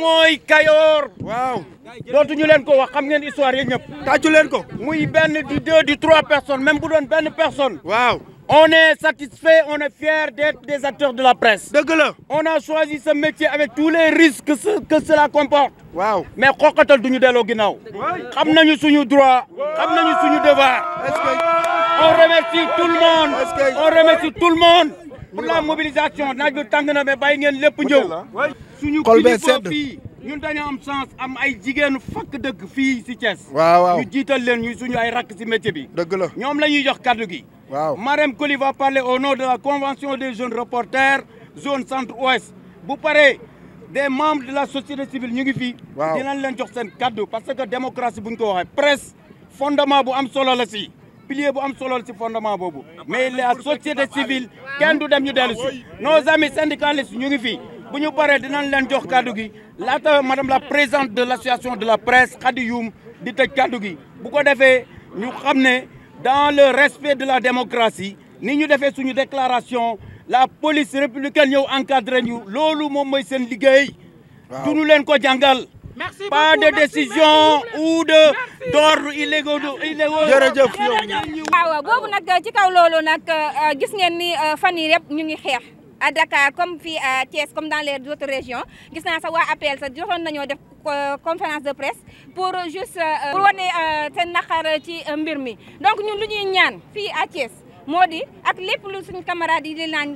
mooy Kayoor. waaw dootuñu leen ko wax xam ngeen histoire yi ñëpp. tàccu leen ko. muy benn di deux di trois personnes même bu doon benn personne. waaw. On est satisfait, on est fier d'être des acteurs de la presse. dëgg la. on a choisi ce métier avec tous les risques que, ce, que cela comporte. waaw mais xoqatal du ñu delloo ginnaaw. xam nañu suñu droit. xam nañu suñu devoir. est-ce que on remercie tout le monde. on remercie tout le monde. la mobilisation naaj bi tàng na mais bàyyi ngeen lépp njëw. xol bee sedd ñun dañu am chance am ay jigéenu fakk dëgg fii si Thiès. waaw ñu jiital leen ñu suñu ay rakk si métier bi. dëgg la ñoom la ñuy jox kaddu gi. waaw Marème Coly va parler au nom de la convention des jeunes reporters zone centre ouest bu pare de membres de la société civile ñu ngi fii. waaw dinañ leen jox seen kaddu parce que démocratie bu ñu ko waxee presse fondement bu am solo la si. pilier bu am solo ci fondement boobu mais la société civile kenn du dem ñu dellu si nos amis ñu ngi fii bu ñu paree dinañ leen jox kàddu gi laata madame la présidente de l' association de la presse Khady Youm di tëj kàddu gi bu ko defee ñu xam ne dans le respect de la démocratie ni ñu defee suñu déclaration la police républicaine ñëw encadré ñu loolu moom mooy seen liggéey duñu leen ko jàngal pas de décision ou de d'ordre illégaux illégaux jërëjëf waaw boobu nag ci kaw loolu nag euh, gis ngeen euh, fan yi yëpp ñu ngi xeex à Dakar comme fii à Thiès comme dans les autres régions gis naa sax waa APL sax joxoon nañoo def euh, conférence de presse pour juste euh, pour wane euh, seen naqar ci mbir mi donc ñun lu ñuy ñaan fii à Thiès moo di ak lépp lu suñu camarades yi di naan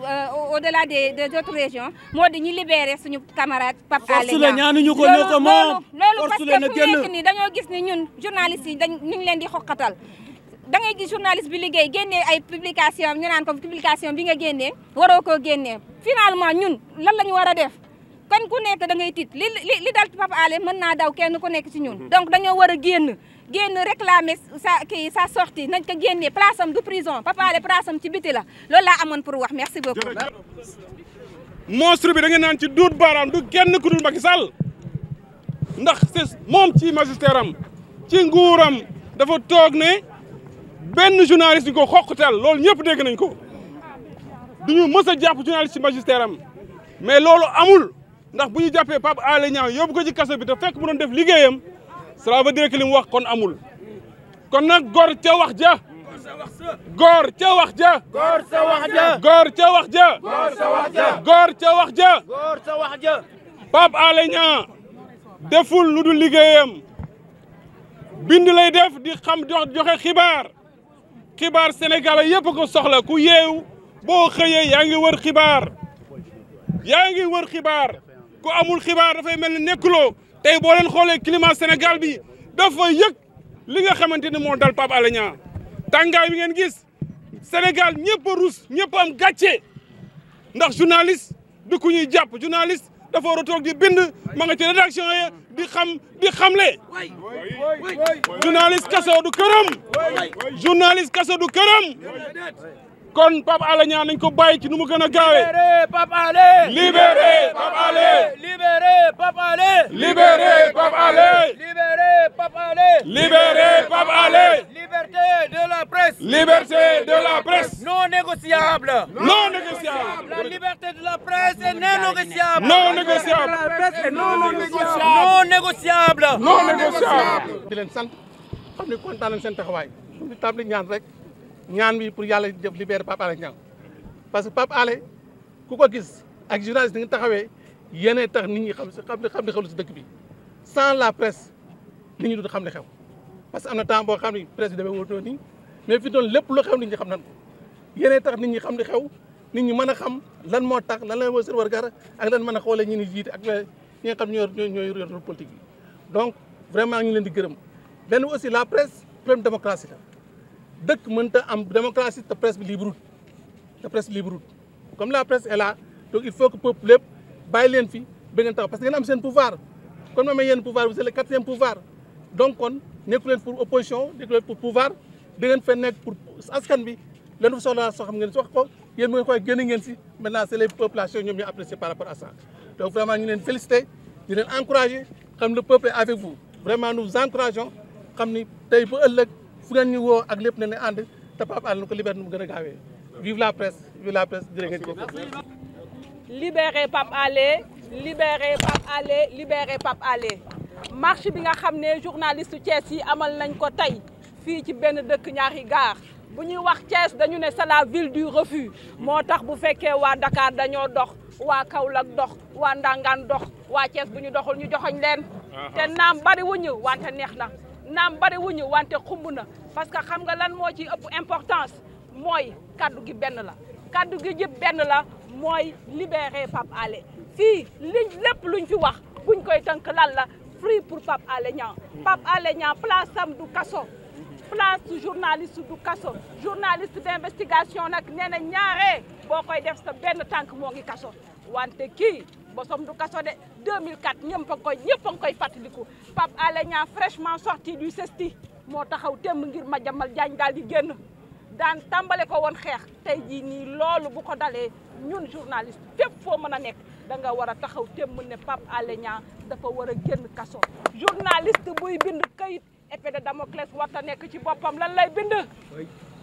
au delà des des autres régions moo di ñu libéré suñu camarade Pape Alé Niang force la ñaanuñu ko ñoo ko moom loolu parce fu nekk nii dañoo gis ni ñun journalistes yi dañ ñu ngi leen di xoqatal da ngay gis journaliste bi liggéey génnee ay publication ñu naan ko bi nga génnee waroo koo génnee finalement ñun lan la ñu war a def kan ku nekk da ngay tiit li li li dal Pape Alé mën naa daw kenn ku nekk ci ñun mhm. donc dañoo war a génn génn réclamer sa kii sa sortie nañ ko génnee place am du prison Pape Alé place am ci biti la loolu laa amoon pour wax merci beaucoup monstre bi da ngeen naan ci duut baaraam du kenn ku dul Macky Sall ndax c'est moom ci magistère am ci nguuram dafa toog ne benn journaliste ñu ko xoqatal loolu ñëpp dégg nañ ko duñu mës a jàpp journaliste ci magistère am mais loolu amul ndax bu ñu jàppee Pape Alé yóbbu ko ci kaso bi te fekk mu doon def liggéeyam cela veut li mu wax kon amul kon nag gor ca wax ja góor ca wax ja góor ca wax ja góor ca wax ja góor ca wax ja góor ca wax ja góor ca wax ja Pape deful lu dul liggéeyam bind def di xam jox joxe xibaar xibaar sénégalais yëpp ko soxla ku yeewu boo xëyee yaa ngi wër xibaar yaa ngi wër xibaar ku amul xibaar dafay mel ni nekkuloo tey boo leen xoolee climat Sénégal bi dafa yëg li nga xamante ni moo dal Pape Alé Niang tàngaay bi ngeen gis Sénégal ñëpp rus ñëpp am gàcce ndax journaliste du ku ñuy jàpp journaliste dafa war a toog di bind ma nga ci rédaction yi bi xam di xamle. journaliste kaso du këram. journaliste kaso du këram. kon Pape Alé Niang ko bàyyi nu mu gën a gaawee. libéré Pape Alé. libéré Pape non négociable non négociable non négociable di leen sant xam ne kontaan nañ seen taxawaay ñu ñaan rek ñaan bi pour yàlla def libérer Pape Alé Niang parce que Pape Alé ku ko gis ak journaliste di nga taxawee yéenee tax nit ñi xam si xam xam li si dëkk bi sans la presse nit ñi du xam li xew parce que am na temps boo xam ne presse bi demee wóotoon nii mais fi doon lépp loo xew nit ñi xam nan ko yéenee tax nit ñi xam li xew nit ñi mën a xam lan moo tax lan la war war gara ak lan mën a xoolee ñu ni jiite ak ñi nga xam ñoo ñooy réew politique bi donc vraiment ñu leen di gërëm benn aussi la presse problème démocratie la dëkk mënta am démocratie te presse bi libre te presse bi libre comme la presse est là donc il faut que peuple lépp bàyyi leen fi ba ngeen taxaw parce que ngeen am seen pouvoir kon moom yeen pouvoir vous c'est le quatrième pouvoir donc kon nekku leen pour opposition nekku leen pour pouvoir da ngeen fay nekk pour bi leen fa soxla soo xam ngeen wax ko yéen mooy nga koy génn ngeen si maintenant c'est les populations ñoom ñoo apprécié par rapport à ça donc vraiment ñu leen félicité di leen encouragé xam le peuple avec vous vraiment nous encourageons xam ni tey ba ëllëg fu ngeen ñu woo ak lépp na ne ànd te Pape Alé ko libéré nu mu gën a gaawee vive la presse vive la presse jërë ngeen jëf libéré Pape Alé libéré Pape Alé libéré Pape Alé bi nga xam ne journaliste Thiès yi amal nañ ko tey fii ci benn dëkk ñaari gaar bu ñuy wax Thiès dañu ne c'est la ville du refuge moo tax bu fekkee waa Dakar dañoo dox waa Kaolack dox waa Ndangaan dox waa Thiès bu ñu doxul ñu joxoñ leen uh-huh. te naam bari wuñu wante neex na naam bari wuñu wante xumb na parce que xam nga lan moo ci ëpp importance mooy kaddu gi benn la kaddu gi jëpp benn la mooy libérer Pape Alé fii liñ lépp luñ fi wax guñ koy tënk lan la free pour Pape Alé Niang hmm. Pape Alé Niang place am du kaso place journaliste du kaso journaliste d'investigation nag nee na ñaare boo koy def sa benn tànk moo ngi kaso wante kii bosom du kaso de mille ñëpp a koy ñëpp a ngi koy fàttaliku Pape Alé Niang fraîchement sorti du CESTI moo taxaw temb ngir ma Madiambal Diagne daal di génn daan tàmbale ko woon xeex tey jii nii loolu bu ko dalee ñun journaliste fépp foo mën a nekk da nga war a taxaw temb ne Pape Alé Niang dafa war a génn kaso journaliste buy bind kayit épée de Damoclès warta nekk ci boppam lan lay bind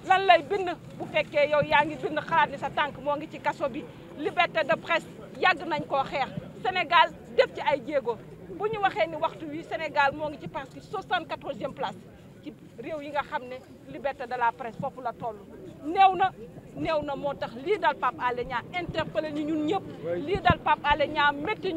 lan lay bind bu fekkee yow yaa ngi bind xalaat ni sa tànk moo ngi ci kaso bi liberté de presse yàgg nañ koo xeex Sénégal def ci ay jéego bu ñu waxee ni waxtu wi Sénégal moo ngi ci presque soixante-quatorzième place ci réew yi nga xam ne liberté de la presse foofu la toll néew na néew na moo tax lii dal Pape Alé Niang interpellé ñu ñun ñëpp lii dal Pape Alé Niang métti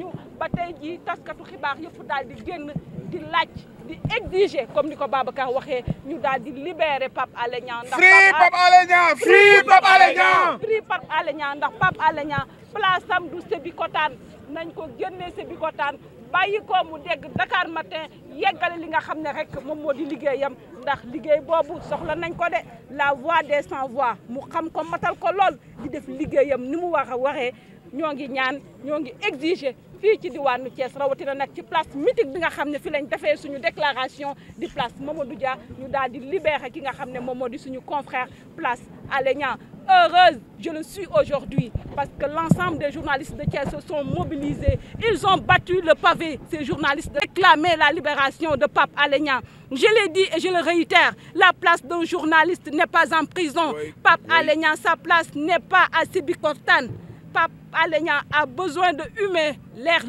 taskatu xibaar yëpp daal génn di laaj di exiger comme ni ko Babacar waxee ñu daal di libérer Pape Alé Niang ndax Pape Alé Niang free Pape Alé Niang free Pape Alé Niang ndax Pape Alé Niang place am du Sébikotane nañ ko génnee si bi ko taan bàyyi ko mu dégg dakaar matin yeggale li nga xam ne rek moom moo di liggéeyam ndax liggéey boobu soxla nañ ko de la voix des sans voix mu xam ko matal ko lool di def liggéeyam ni mu war a waxee ñoo ngi ñaan ñoo ngi exiger fii ci diwaanu Thiès rawatina nag ci place mythique bi nga xam ne fi lañ defee suñu déclaration di place Mamadou Dia ñu daal di libérer ki nga xam ne moom moo di suñu confrère place Alé Niang heureuse, je le suis aujourd'hui, parce que l'ensemble des journalistes de Thiès se sont mobilisés. Ils ont battu le pavé, ces journalistes, de réclamer la libération de Pape Alenia. Je l'ai dit et je le réitère, la place d'un journaliste n'est pas en prison. Oui, Pape oui. Alenia, sa place n'est pas à Sibi Kortan. Pape Alenia a besoin de humer l'air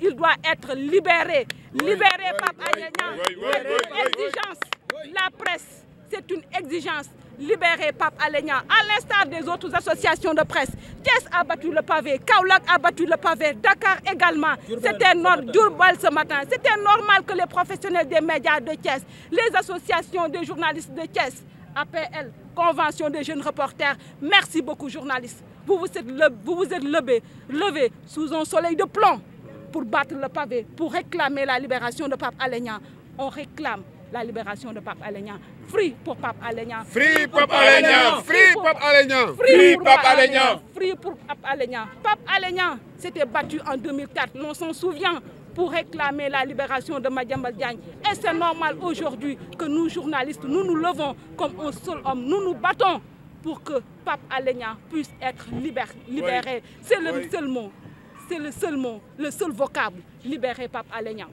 Il doit être libéré. libéré Pape Alenia. Exigence. La presse, c'est une exigence. libérer Pape Alenia, à l'instar des autres associations de presse. Thiès a battu le pavé, Kaulak a battu le pavé, Dakar également. C'était normal ce matin. C'était normal que les professionnels des médias de Thiès, les associations des journalistes de Thiès, APL, Convention des jeunes reporters, merci beaucoup journalistes. Vous vous êtes, le, vous vous êtes levés, levés sous un soleil de plomb pour battre le pavé, pour réclamer la libération de Pape Alenia. On réclame la libération de Pape Alenia. Free pour Pape Alenia. Free Pape Alenia. Free Pape Alenia. Free Pape Alenia. Free Pape Alenia. Pape Alenia s'était battu en 2004, l'on s'en pour réclamer la libération de Madiambal Diagne. Et c'est normal aujourd'hui que nous, journalistes, nous nous levons comme un seul homme. Nous nous battons pour que Pape Alenia puisse être libéré. libéré. Oui. C'est le oui. seul mot, le seul le seul vocable, libérer Pape Alenia.